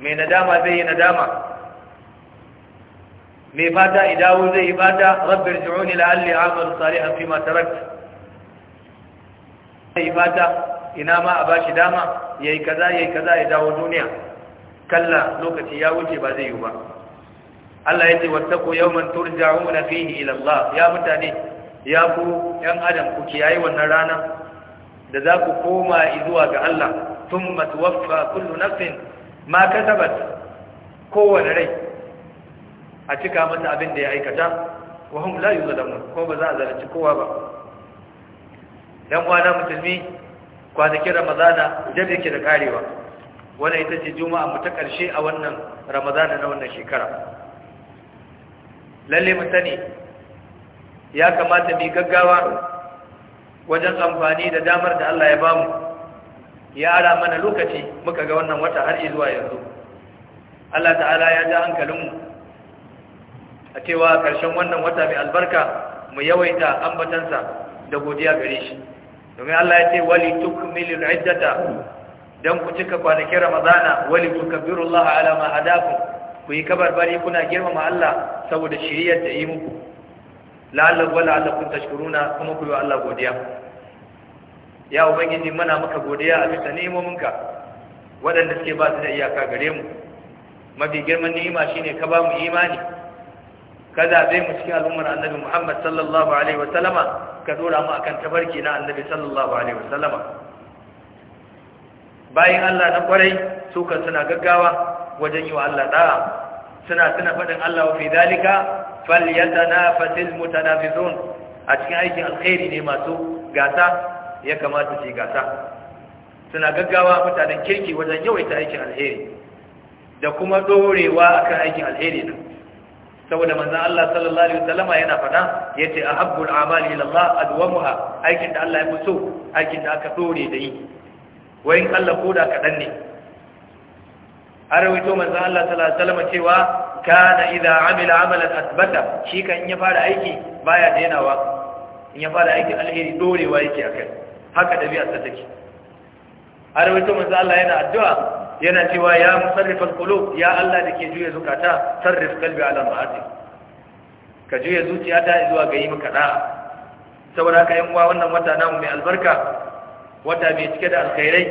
mai nadama zai yi nadama mai fata idawo zai yi fata rabbir ji'uni la'alli amal salihan fi ma tarakta zai yi fata ina ma a bashi dama yayi kaza yayi kaza ya dawo duniya kalla lokaci ya wuce ba zai yi ba Allah ya ce wattaqu yawman turja'una fihi ila Allah ya mutane ya ku yan adam ku kiyaye wannan rana da za ku koma zuwa ga Allah thumma tuwaffa kullu nafsin ma kasabat kowane rai a cika mata abin da ya aikata wa hum la yuzlamun ko ba za a zalunci kowa ba dan wana musulmi kwanakin ramadana da yake da karewa Wani ita ce juma'a mu ta karshe a wannan ramadana na wannan shekara lalle mu sani ya kamata mu gaggawa wajen amfani da damar da Allah ya bamu ya ara mana lokaci muka ga wannan wata har zuwa yanzu Allah ta'ala ya ja hankalinmu a cewa ƙarshen wannan wata mai albarka mu yawaita ambatansa da godiya gare shi domin Allah ya ce wali tukmilul iddata dan ku cika kwanakin ramadana wali tukabbirullaha ala ma hadakum ku yi kabarbari kuna girmama Allah saboda shiriyar da yi muku la'allakum wa la'allakum tashkuruna kuma ku yi Allah godiya ya ubangiji muna maka godiya a bisa ni'imominka waɗanda suke ba su da iyaka gare mu mafi girman ni'ima shine ka ba mu imani ka zaɓe mu cikin al'ummar annabi Muhammad sallallahu alaihi wa sallama ka dora mu akan tabarki na annabi sallallahu alaihi wa sallama bayan Allah na kwarai su suna gaggawa wajen yi wa Allah da'a suna suna faɗin Allah wa fi dalika falyatanafasil mutanafizun a cikin aikin alkhairi ne masu gasa ya kamata su gasa suna gaggawa mutanen kirki wajen yawaita aikin alheri da kuma dorewa akan aikin alheri din saboda manzon Allah sallallahu alaihi wasallama yana fada yace ahabbul a'mali ila Allah adwamuha aikin da Allah ya fi so aikin da aka dore da yi wayin Allah koda kadan ne an rawaito manzon Allah sallallahu alaihi wasallama cewa kana idza amila amalan asbata shi kan ya fara aiki baya dainawa in ya fara aikin alheri dorewa yake akai haka dabi'a ta take a rawaito manzo Allah yana addu'a yana cewa ya musarrifal qulub ya Allah dake juya zukata sarrif kalbi ala ma'ati ka juya zuciyata zuwa ga yi maka da'a saboda ka yan uwa wannan wata namu mai albarka wata mai cike da alkhairai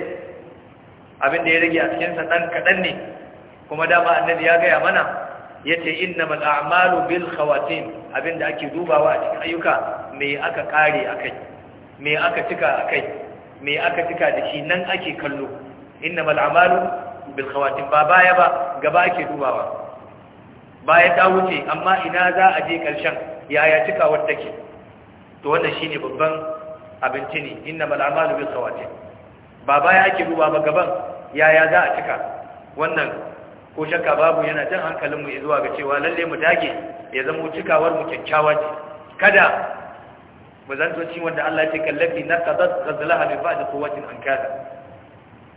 abin da ya rage a cikin sa dan kadan ne kuma dama annabi ya gaya mana yace innamal a'malu bil khawatim da ake dubawa a cikin ayyuka me aka kare akai me aka cika a kai me aka cika da shi nan ake kallo innamal amalu bil khawatim ba baya ba gaba ake dubawa baya ta wuce amma ina za a je karshen yaya cikawar take to wannan shine babban abinci ne innamal amalu bil khawatim ba baya ake duba ba gaban yaya za a cika wannan ko shakka babu yana jan hankalinmu zuwa ga cewa lalle mu dage ya zama cikawar mu kyakkyawa ce kada Ba ci wanda Allah ya ce kallafi na qadad qadlaha da ba'd quwwatin ankada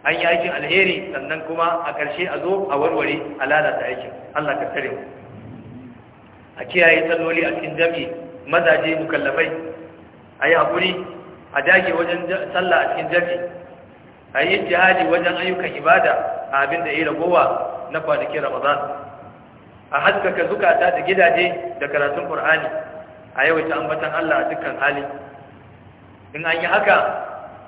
an yi aikin alheri sannan kuma a ƙarshe a zo a warware a lalata aikin Allah ka tare mu a kiyaye salloli a cikin jami'i mazaje mukallafai a yi haƙuri a dage wajen sallah a cikin jami'i a yi jihadi wajen ayyukan ibada a abin da ya ragowa na kwanakin ramadan a haskaka zukata da gidaje da karatun ƙur'ani a yawaita ambatan Allah a dukkan hali in an yi haka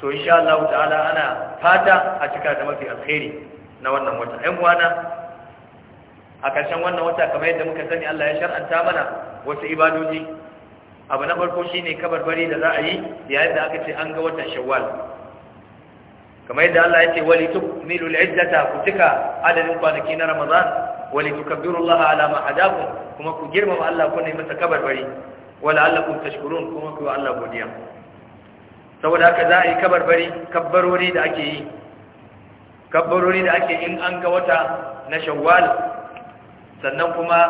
to insha Allah ta'ala ana fata a cika da mafi alkhairi na wannan wata ɗan wana? a ƙarshen wannan wata kamar yadda muka sani Allah ya shar'anta mana wasu ibadoji abu na farko ne kabarbari da za a yi yayin da aka ce an ga watan Shawwal kamar yadda Allah ya ce wali tukmilu al-iddata ku cika adadin kwanaki na Ramadan wali tukabbiru Allah ala ma hadakum kuma ku girmama Allah ku ne masa kabarbari wala Allah allakum tashkurun kuma ku Allah godiya saboda haka za a yi kabarbari kabbarori da ake yi kabbarori da ake in an ga wata na shawwal sannan kuma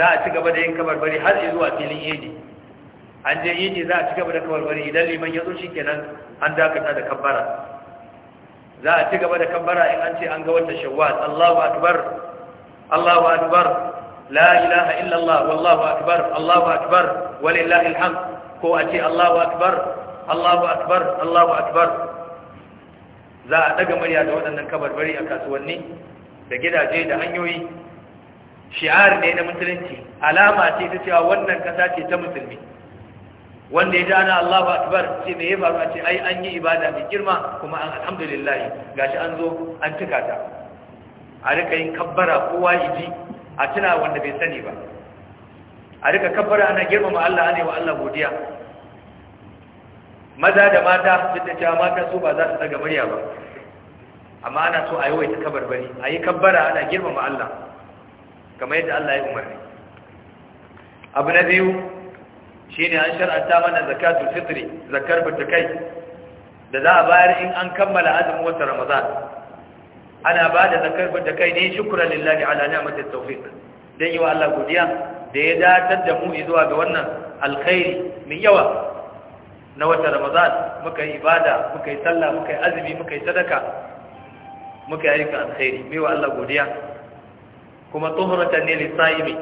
za a ci gaba da yin kabarbari har zuwa filin idi an je idi za a ci gaba da kabarbari idan liman ya zo shikenan an dakata da kabbara za a ci gaba da kabbara in an ce an ga wata shawwal Allahu akbar Allahu akbar la ilaha illallah wallahu akbar allahu akbar walillahi alhamd ko a ce allahu akbar allahu akbar allahu akbar za a daga murya da waɗannan kabarbari a kasuwanni da gidaje da hanyoyi shi'ar ne na musulunci alama ce ta cewa wannan kasa ce ta musulmi wanda ya dana Allahu akbar ce me ya faru a ce ai an yi ibada mai girma kuma an alhamdulillah gashi an zo an cika ta a rika yin kabbara kowa ji. a tuna wanda bai sani ba a rika kabbara ana girmama Allah ne wa Allah godiya maza da mata duk da cewa mata su ba za su daga murya ba amma ana so a yi waita kabar bari a yi kabbara ana girmama Allah kamar yadda Allah ya umarni abu na biyu shine an shar'anta mana zakatul fitri zakar fitakai da za a bayar in an kammala azumin watan Ramadan ana ba da zakar da kai ne shukura lillahi ala ni'matit tawfiq dan yiwa Allah godiya da ya datar da mu zuwa ga wannan alkhairi mai yawa na wata Ramadan muka yi ibada muka yi sallah muka yi azumi muka yi sadaka muka yi aika alkhairi mai wa Allah godiya kuma tuhuratan ne lisaimi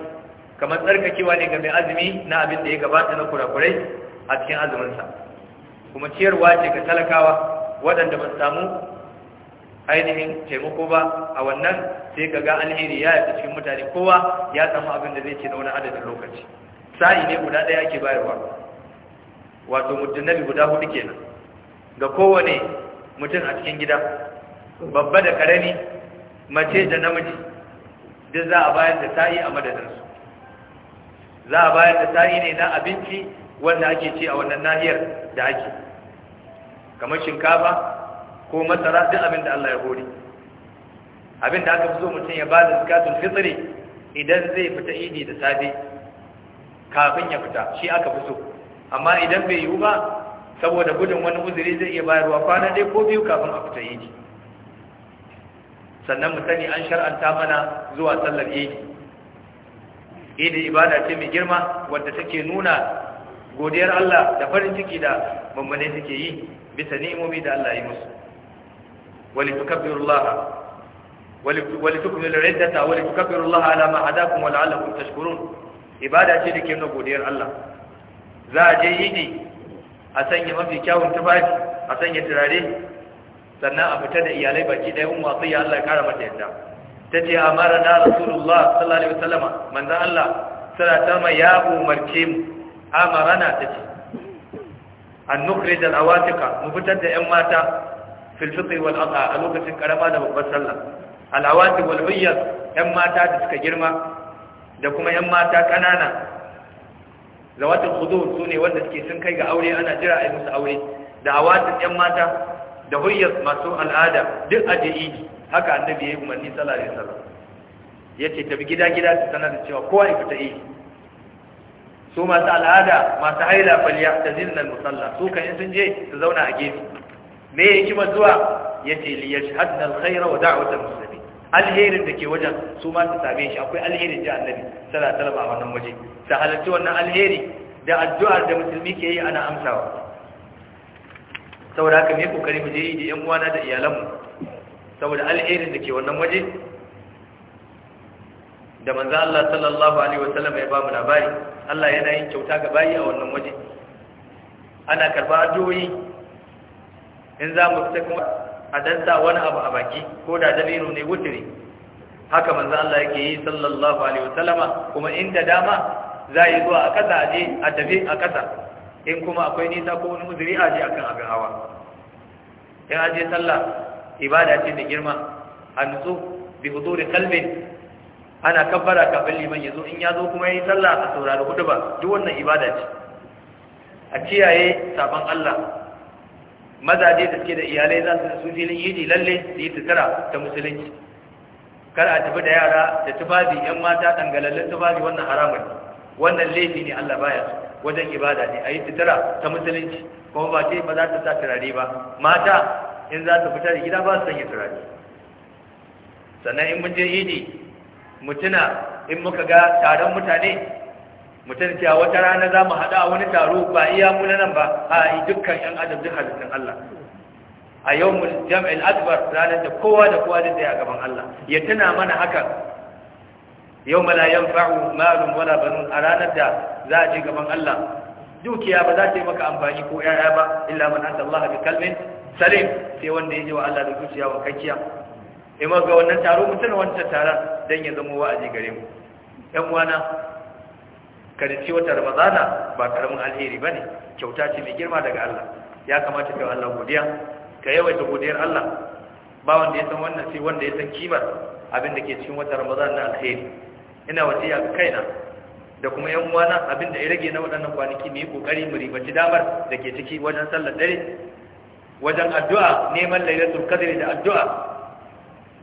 kamar tsarkakewa ne ga mai azumi na abin da ya gabata na kurakurai a cikin sa kuma ciyarwa ce ga talakawa waɗanda ba samu ainihin taimako ba a wannan sai ka ga alheri ya yi cikin mutane kowa ya samu abin da zai ce na wani adadin lokaci sa'i ne guda ɗaya ake bayarwa wato na guda hudu kenan ga kowane mutum a cikin gida babba da karami mace da namiji duk za a bayar da sa'i a madadinsu za a bayar da sa'i ne na abinci wanda ake ce a wannan nahiyar da ake kamar shinkafa ko masara duk abin da Allah ya hori abin da aka fi so mutum ya ba da zakatul fitri idan zai fita idi da safe kafin ya fita shi aka fi so amma idan bai yiwu ba saboda gudun wani uzuri zai iya bayarwa kwana ɗaya ko biyu kafin a fita idi sannan mu sani an shar'anta mana zuwa sallar idi idi ibada ce mai girma wadda take nuna godiyar Allah da farin ciki da bambane take yi bisa ni'imomi da Allah ya yi musu ولتكبروا الله ولتكملوا العدة ولتكبروا الله على ما هداكم ولعلكم تشكرون ibada ce da ke nuna godiyar Allah za a je yini a sanya mafi kyawun tufafi a sanya turare sannan a fita da iyalai baki ɗaya umma sai ya Allah ya mata yadda ta ce amara na rasulullah sallallahu alaihi wasallam manzon Allah sallallahu alaihi wasallam ya mu ta mu fitar da ƴan mata fil wal a lokacin karama da babbar sallah alawati awati wal yan mata da suka girma da kuma yan mata kanana zawatul khudur sune wanda suke sun kai ga aure ana jira a yi musu aure da awatin yan mata da huyyar masu al'ada duk aje idi haka annabi ya yi umarni sallallahu alaihi wasallam yace tafi gida gida su sanar da cewa kowa ya yi su masu al'ada masu haila faliya ta zinnan musalla su kan sun je su zauna a gefe me ya hikimar zuwa ya yace li yashhadna alkhaira wa da'wat almuslimin alherin da ke wajen su ma su same shi akwai alherin da annabi sallallahu alaihi wasallam a wannan waje ta halarci wannan alheri da addu'ar da musulmi ke yi ana amsawa saboda haka me kokari mu je yi da yan uwana da iyalanmu saboda alherin da ke wannan waje da manzo Allah sallallahu alaihi wasallam ya ba mu labari Allah yana yin kyauta ga bayi a wannan waje ana karba addu'o'i in za mu fita kuma a danta wani abu a baki ko da dalilu ne wuturi haka manzo Allah yake yi sallallahu alaihi wasallama kuma inda dama za yi zuwa a kasa aje a tafi a kasa in kuma akwai nisa ko wani muzuri aje akan abin hawa in aje sallah ibada ce da girma a nutsu bi huduri qalbin ana kabbara kafin liman yazo in yazo kuma yayi sallah a saurari hudu ba duk wannan ibada ce a kiyaye sabon Allah mazaje da suke da iyalai za su su filin ne lalle su yi tukara ta musulunci kar a tafi da yara da tufafi yan mata dangalallin tufafi wannan haramun wannan laifi ne Allah baya wajen ibada ne a yi tukara ta musulunci kuma ba ce ba za ta sa turare ba mata in za su fita da gida ba su sanya turare sannan in mun je yi mu tuna in muka ga taron mutane mutum cewa wata rana za mu haɗu a wani taro ba iya mu nan ba a yi dukkan yan adam duk halittun Allah a yau mu jam'il akbar ranar da kowa da kowa da zai a gaban Allah ya tuna mana haka yau mala yan fa'u malum wala banu a ranar da za a je gaban Allah dukiya ba za ta yi maka amfani ko ƴaƴa ba illa man an Allah bi kalmin salim sai wanda ya ji wa Allah da zuciya wa kakkiya in ga wannan taro mutum wancan taron don ya zama wa'azi gare mu ‘yan wana karinci wata ramazana ba karamin alheri ba ne kyauta ce mai girma daga Allah ya kamata ka yi Allah godiya ka yawaita godiyar Allah ba wanda ya san wannan sai wanda ya san kimar abin da ke cikin wata ramazana na alheri ina ya ga kaina da kuma yan uwana abin da ya rage na waɗannan kwanaki mai kokari mu ribaci damar da ke ciki wajen sallar dare wajen addu'a neman lailatul qadri da addu'a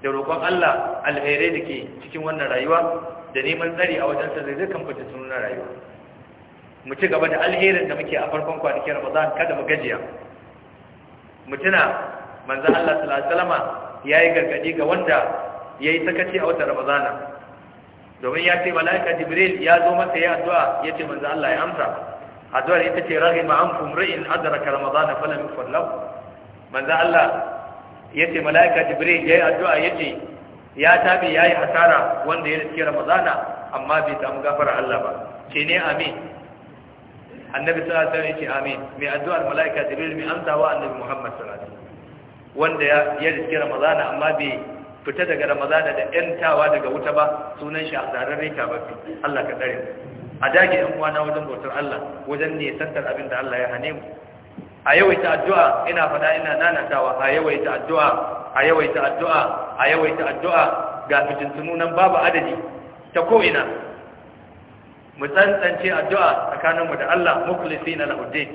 da roƙon Allah alherai da ke cikin wannan rayuwa da neman tsari a wajensa zai zai kamfata sunan rayuwa mu ci gaba da alherin da muke a farkon kwanakin ramadan kada mu gajiya mu tuna manzo Allah sallallahu alaihi wasallama yayi gargadi ga wanda yayi sakaci a watan ramadana domin ya ce malaika jibril ya zo masa ya addu'a yace manzo Allah ya amsa addu'ar ita ce rahima ankum ra'in adraka ramadana falam yufallahu manzo Allah yace malaika jibril yayi addu'a yace ya tabe yayi hasara wanda ya riske ramadana amma bai samu gafara Allah ba ce ne amin annabi sallallahu alaihi wasallam ce amin mai addu'ar malaika jibril mai amsawa annabi muhammad sallallahu alaihi wasallam wanda ya riske ramadana amma bai fita daga ramadana da yantawa daga wuta ba sunan shi azarar rika ba Allah ka dare a dage yan uwana wajen bautar Allah wajen ne santar abin da Allah ya hane mu a yawaita addu'a ina fada ina nanatawa a yawaita addu'a a yawaita addu'a a yawaita addu'a ga fitintunu nan babu adadi ta ko'ina mu tsantsance addu'a tsakaninmu da Allah mukulisi na lahuddin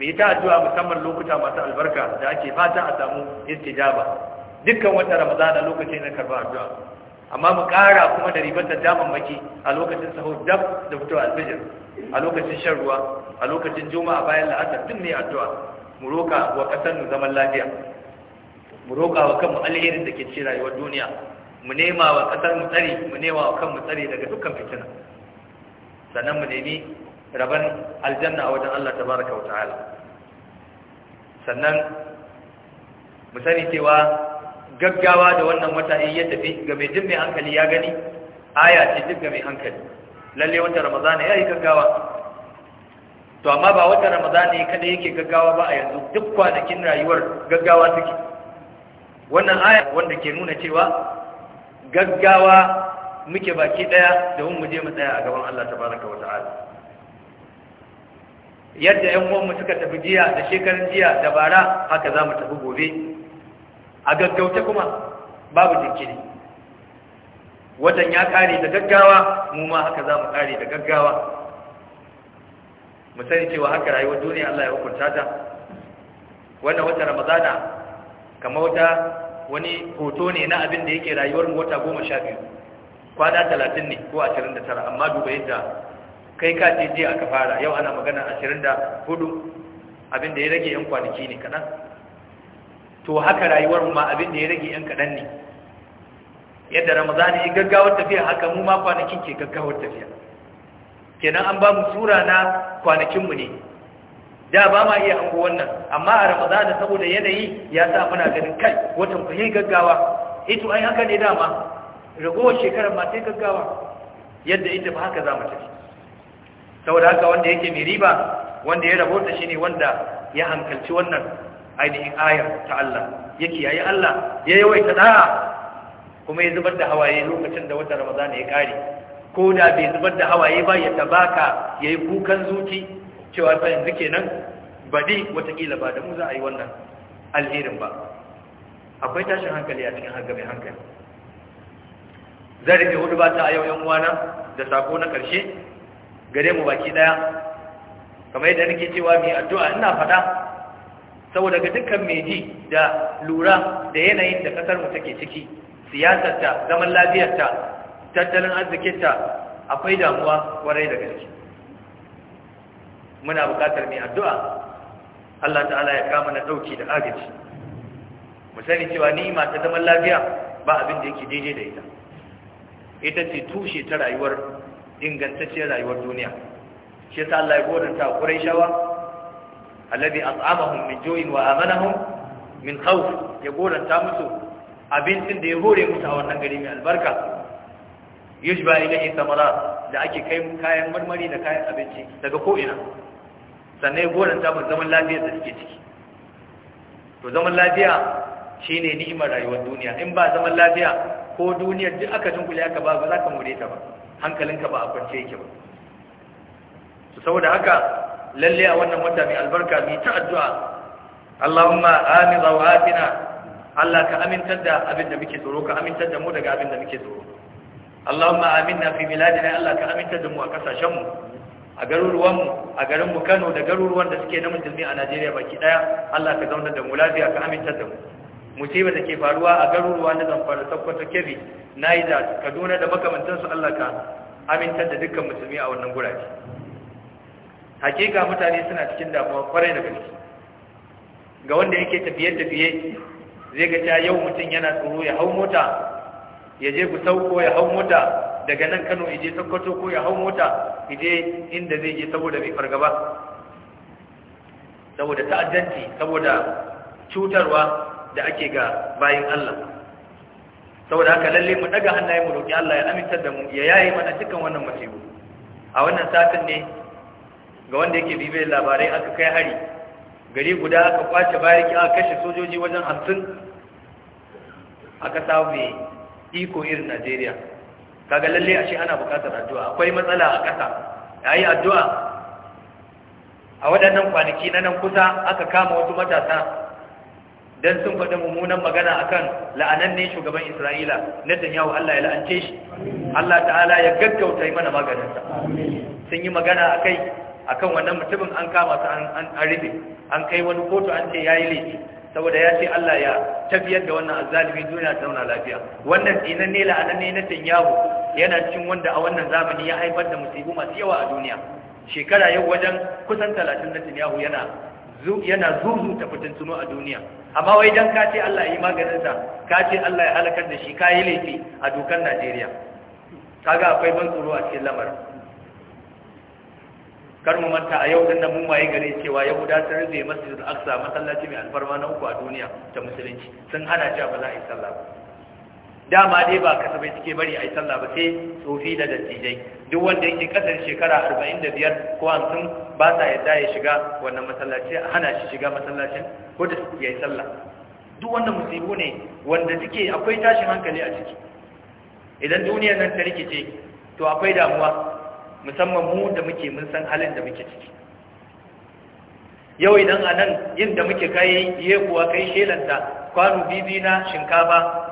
mu ta addu'a musamman lokuta masu albarka da ake fata a samu istijaba dukkan wata ramadana lokaci na karba addu'a amma mu kara kuma da daman maki a lokacin sahur daf da fito alfijir a lokacin shan ruwa a lokacin juma'a bayan la'asar duk ne addu'a mu roka wa ƙasar zaman lafiya mu roƙa wa kanmu alherin da ke ci rayuwar duniya mu nema wa ƙasar mu tsari mu nema wa kanmu tsari daga dukkan fitina sannan mu nemi rabon aljanna a wajen Allah tabaraka wa ta'ala sannan mu sani cewa gaggawa da wannan wata in ya tafi ga mai jin mai hankali ya gani aya ce duk ga mai hankali lalle wata ramadana ya yi gaggawa to amma ba wata ramadana ne kada yake gaggawa ba a yanzu duk kwanakin rayuwar gaggawa take wannan aya wanda ke nuna cewa gaggawa muke baki daya da mu je mu tsaya a gaban Allah tabaraka wa ta'ala yadda ƴan uwanmu suka tafi jiya da shekarun jiya da bara haka za mu tafi gobe a gaggauta kuma babu jinkiri watan ya kare da gaggawa mu ma haka za mu kare da gaggawa mu sani cewa haka rayuwar duniya Allah ya hukunta ta wannan wata ramadana kamar wata wani hoto ne na abin da yake rayuwar mu wata goma sha biyu kwana talatin ne ko ashirin da tara amma duba yadda kai ka ce jiya aka fara yau ana magana ashirin da hudu abin da ya rage yan kwanaki ne kaɗan to haka rayuwar mu ma abin da ya rage yan kaɗan ne yadda ramazani ya gaggawar tafiya haka mu ma kwanakin ke gaggawar tafiya kenan an ba mu sura na kwanakinmu ne da ba ma iya hango wannan amma a ramadana saboda yanayi ya sa muna ganin kai watan ku gaggawa ito eh, ai haka ne dama ragowar shekarar ma sai gaggawa yadda ita ba haka za mu tafi saboda haka wanda yake mai riba wanda ya rahota shi ne wanda ya hankalci wannan ainihin ayar ta Allah yake yayi Allah ya yi waita da'a kuma ya zubar da hawaye lokacin da watan ramadana ya kare ko da bai zubar da hawaye ba ya tabaka yayi kukan zuci cewa fa yanzu kenan wata watakila ba da mu za a yi wannan alherin ba akwai tashin hankali a cikin hanga mai hankali zan hudu ba ta a yau yan uwana da sako na karshe gare mu baki daya kamar yadda nake cewa mai addu'a ina fada saboda ga dukkan meji da lura da yanayin da kasar mu take ciki siyasarta zaman lafiyarta tattalin arzikinta akwai damuwa kwarai da gaske muna buƙatar mai addu'a Allah ta'ala ya kama na dauki da agaji mu sani cewa ni ta zaman lafiya ba abin da yake daidai da ita ita ce tushe ta rayuwar ingantacciyar rayuwar duniya shi yasa Allah ya goranta Qurayshawa alladhi at'amahum min ju'in wa amanahum min khawf ya goranta musu abincin da ya hore musu a wannan gari mai albarka baya ilayhi thamarat da ake kai kayan marmari da kayan abinci daga ko ina sannan ya goranta mu zaman lafiya da suke ciki to zaman lafiya shine ni'imar rayuwar duniya in ba zaman lafiya ko duniyar duk aka dunkule aka ba ba za ka more ta ba hankalinka ba a kwance yake ba to saboda haka lalle a wannan wata mai albarka mai ta addu'a Allahumma amin rawatina Allah ka amintar da abin da muke tsoro ka amintar da mu daga abin da muke tsoro Allahumma aminna fi biladina Allah ka amintar da mu a kasashen mu a garuruwan a garin mu Kano da garuruwan da suke na musulmi a Najeriya baki daya Allah ka zauna da mu lafiya ka aminta da mu musiba da ke faruwa a garuruwa na Zamfara Sokoto Kebbi Niger Kaduna da makamantan su Allah ka aminta da dukkan musulmi a wannan gurare hakika mutane suna cikin damuwa kwarai da gaske ga wanda yake tafiye-tafiye zai ga ta yau mutum yana tsoro ya hau mota ya je ku sauko ya hau mota daga nan Kano ije Sokoto ko ya hau mota ije inda zai je saboda mai fargaba saboda ta'addanci saboda cutarwa da ake ga bayin Allah saboda haka lalle mu daga hannaye mu roki Allah ya amintar da mu ya yaye mana dukkan wannan musibu a wannan satin ne ga wanda yake bibe labarai aka kai hari gari guda aka kwace ki aka kashe sojoji wajen 50 aka samu iko irin Najeriya kaga lalle a ana bukatar addu'a akwai matsala a ƙasa yayi addu'a a waɗannan kwanaki na nan kusa aka kama wasu matasa dan sun faɗi mummunan magana akan la'ananne shugaban Isra'ila Netanyahu Allah ya la'ance shi Allah ta'ala ya gaggauta mana maganinsa sun yi magana akai akan wannan mutumin an kama su an rufe an kai wani kotu an ce yayi laifi saboda ya ce Allah ya tafiyar da wannan azzalimi duniya ta zauna lafiya wannan dinan ne la'ananne Netanyahu yana cikin wanda a wannan zamani ya haifar da musibu masu yawa a duniya shekara yau wajen kusan talatin na Netanyahu yana yana zuzu ta fitin tuno a duniya amma wai dan ka ce Allah yi maganinsa ka ce Allah ya halakar da shi ka yi laifi a dokar Najeriya kaga akwai ban tsoro a cikin lamar. kar mu manta a yau din nan mun waye gare cewa Yahuda sun rufe Masjidul Aqsa masallaci mai alfarma na uku a duniya ta musulunci sun hana cewa ba za a yi sallah dama dai ba kasafai suke bari a yi sallah ba sai tsofi da dattijai duk wanda yake kasar shekara arba'in da biyar ko hamsin ba sa yadda ya shiga wannan masallaci hana shi shiga masallacin ko da ya yi sallah duk wanda musibu ne wanda suke akwai tashin hankali a ciki idan duniyar nan ta rikice to akwai damuwa musamman mu da muke mun san halin da muke ciki yau idan a nan yin da muke kayi kuwa kai shelanta kwano bibi na shinkafa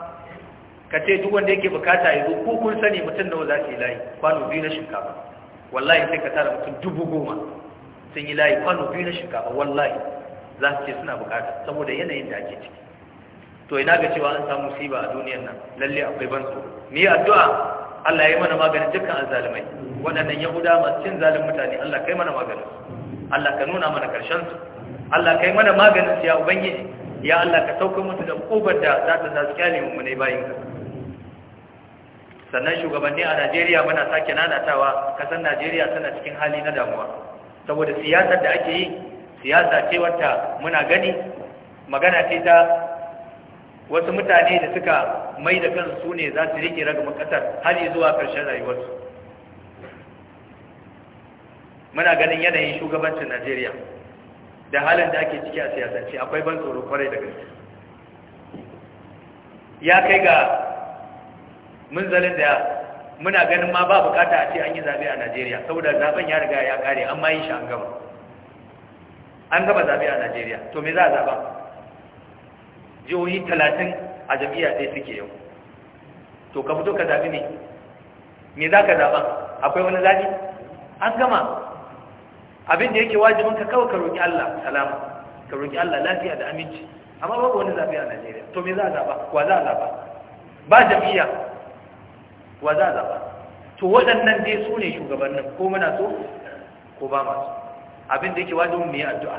ka ce duk wanda yake bukata ya zo ko kun sani mutum nawa za su yi layi kwano biyu na shinkafa wallahi sai ka tara mutum dubu goma sun yi layi kwano biyu na shinkafa wallahi za su ce suna bukata saboda yanayin da ake ciki to ina ga cewa an samu siba a duniyar nan lalle akwai ban su. ni addu'a Allah ya yi mana maganin dukkan azzalumai waɗannan yahuda masu cin zalin mutane Allah kai mana maganin Allah ka nuna mana karshen su Allah kai mana maganin su ya ubangiji ya Allah ka sauka mutu da kubar da za ta zasu kyale mu ne bayin ka sannan shugabanni a Najeriya muna sake nanatawa kasar Najeriya tana cikin hali na damuwa saboda siyasar da ake yi siyasa ce wata muna gani magana ce ta wasu mutane da suka mai da kansu ne za su rike ragamin makasar hali zuwa karshen rayuwarsu muna ganin yanayin shugabancin Najeriya da halin da ake ciki a siyasance akwai ban tsoro kwarai da gaske ya kai ga mun zalin da muna ganin ma ba bukata a ce an yi zabe a Najeriya saboda zaben ya riga ya kare amma yin shi an gama an gama zabe a Najeriya to me za a zaba jihohi talatin a jam'iyya ɗaya suke yau to ka fito ka zabi ne me za ka zaba akwai wani zabi an gama abin da yake wajibin ka kawai ka roƙi Allah salama ka roƙi Allah lafiya da aminci amma babu wani zabe a Najeriya to me za a zaba wa za a zaba ba jam'iyya wa za a zaɓa to waɗannan dai su ne shugabannin ko muna so ko ba masu abin da yake wajibin mu yi addu'a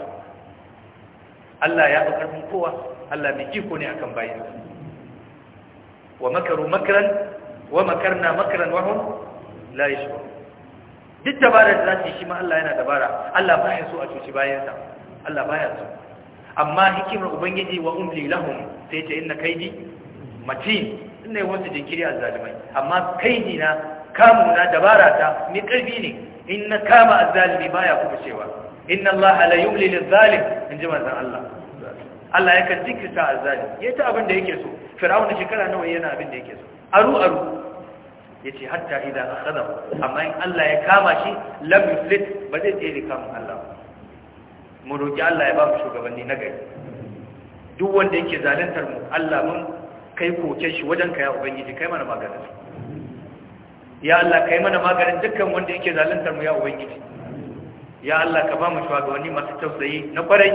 Allah ya fi ƙarfin kowa Allah mai iko ne akan bayan wa makaru makaran wa makarna makaran wa hum la yashur duk dabarar da zai shi ma Allah yana dabara Allah baya so a cuci bayansa Allah baya so amma hikimar ubangiji wa umli lahum sai ce inna kaidi matin suna yi wasu jinkiri a amma kai ni na kamu na dabara ta ni ƙarfi ne in na kama a zalimi ba ya kuma cewa inna Allah la yumli lil zalim in ji manzon Allah Allah yakan jinkirta a ya ta abin da yake so Fir'aun da shekara nawa yana abin da yake so aru aru ya ce hatta idan akhadha amma in Allah ya kama shi lam yuflit ba zai tsere kamun Allah mu roki Allah ya ba mu shugabanni na gari duk wanda yake zaluntar mu Allah mun kai koken shi wajen ka ya ubangiji kai mana maganin ya Allah kai mana maganin dukkan wanda yake zaluntar mu ya ubangiji ya Allah ka ba mu shugabanni masu tausayi na kwarai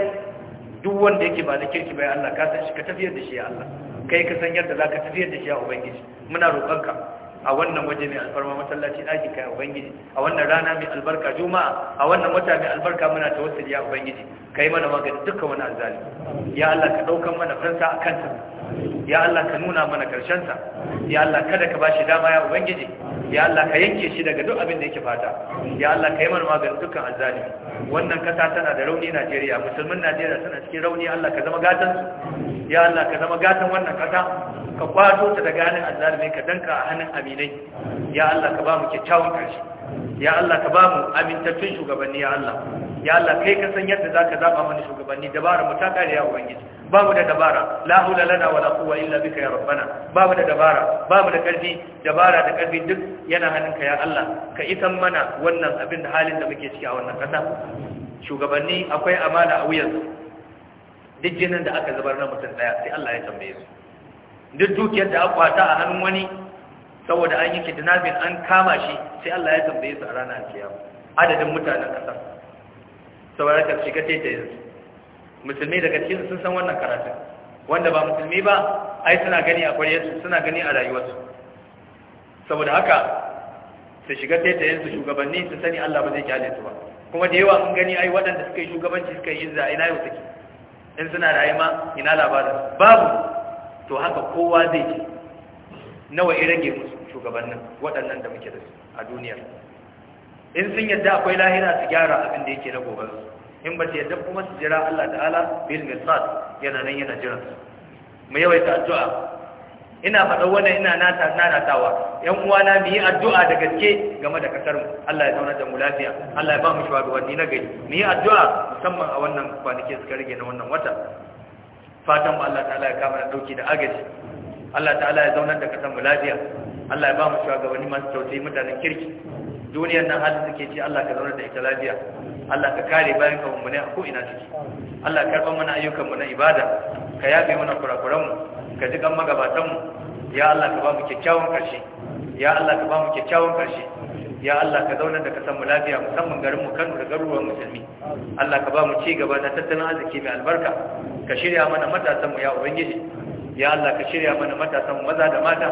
duk wanda yake ba na kirki ba ya Allah ka san shi ka tafiyar da shi ya Allah kai ka san yadda zaka tafiyar da shi ya ubangiji muna roƙonka a wannan waje mai alfarma masallaci daki kai ubangiji a wannan rana mai albarka juma'a a wannan wata mai albarka muna tawassuli ya ubangiji kai mana maganin dukkan wani azzali ya Allah ka daukan mana fansa akan ta ya Allah ka nuna mana karshen sa ya Allah kada ka bashi dama ya ubangiji ya Allah ka yanke shi daga duk abin da yake fata ya Allah ka yi mana maganin dukkan azzali wannan kasa tana da rauni Najeriya musulmin Najeriya tana cikin rauni Allah ka zama gatan ya Allah ka zama gatan wannan kasa ka kwato ta daga hannun azzalimi ka danka a hannun aminai ya Allah ka ba mu kyakkyawan karshe ya Allah ka ba mu amintattun shugabanni ya Allah ya Allah kai ka san yadda zaka zaba mana shugabanni dabara mu ta kare ya ubangiji ba mu da dabara la haula lana wala quwwa illa bika ya rabbana ba mu da dabara ba mu da karfi dabara da karfi duk yana hannunka ya Allah ka isan mana wannan abin da halin da muke ciki a wannan kasa shugabanni akwai amana a su. duk jinin da aka zubar na mutum daya sai Allah ya tambaye su duk dukiyar da aka kwata a hannun wani saboda an yi kidnapping an kama shi sai Allah ya tambaye su a ranar kiyama adadin mutanen kasar saboda ka shiga yanzu musulmi daga cikin sun san wannan karatun wanda ba musulmi ba ai suna gani a kwaryarsu suna gani a rayuwarsu saboda haka su shiga taitayin su shugabanni su sani Allah ba zai kyale su ba kuma da yawa mun gani ai waɗanda suka yi shugabanci suka yi a ina yau take in suna rayuwa ina labarin babu to haka kowa zai ji nawa irage rage musu shugabannin waɗannan da muke da su a duniyar in sun yadda akwai lahira su gyara abin da yake na gobe in ba su yadda kuma su jira Allah ta'ala bil mirsad yana nan yana jira mu yawaita addu'a ina faɗa wannan ina nata nanatawa yan uwana mu yi addu'a da gaske game da kasar mu Allah ya zauna da mu lafiya Allah ya ba mu wani na gari mu yi addu'a musamman a wannan kwanaki suka rage na wannan wata fatan mu Allah ta'ala ya kama da dauki da agaji Allah ta'ala ya zauna da kasar mu lafiya Allah ya ba mu wani masu tausayi mutanen kirki duniyar nan halin suke ce Allah ka zauna da ita lafiya Allah ka kare bayan ka ne a ko'ina ciki Allah ka karɓa mana ayyukanmu na ibada ka yafe mana mu ka ji kan magabatanmu ya Allah ka ba mu kyakkyawan ƙarshe ya Allah ka ba mu kyakkyawan ƙarshe ya Allah ka zauna da kasan mu lafiya musamman garin mu Kano da garuruwan musulmi Allah ka ba mu ci gaba da tattalin arziki mai albarka ka shirya mana matasan mu ya ubangiji ya Allah ka shirya mana matasan mu maza da mata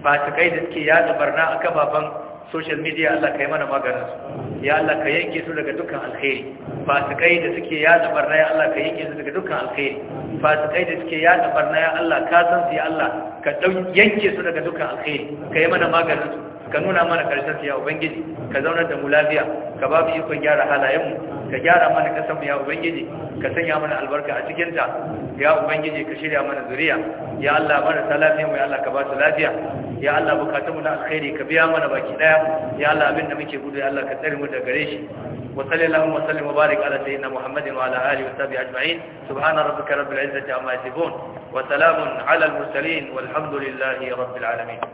fasikai da suke yada barna a kababan social media Allah ka yi mana maganin su ya Allah ka yanke su daga dukkan alkhairi fasikai da suke zabar na ya Allah ka yanke su daga dukkan alkhairi fasikai da suke zabar na ya Allah ka san su ya Allah ka yanke su daga dukkan alkhairi ka yi mana maganin su ka nuna mana karshen ya ubangiji ka zauna da mu lafiya ka ba mu ikon gyara halayenmu ka gyara mana kasanmu ya ubangiji ka sanya mana albarka a cikinta ya ubangiji ka shirya mana zuriya ya Allah marasa lafiya mu ya Allah ka ba su lafiya ya Allah bukatunmu na alkhairi ka biya mana baki daya ya Allah abin da muke gudu ya Allah ka tsare mu daga gare shi wa sallallahu wa sallim wa barik ala sayyidina muhammadin wa ala alihi wa sahbihi ajma'in subhana rabbika rabbil izzati amma yasifun wa salamun ala al mursalin walhamdulillahi rabbil alamin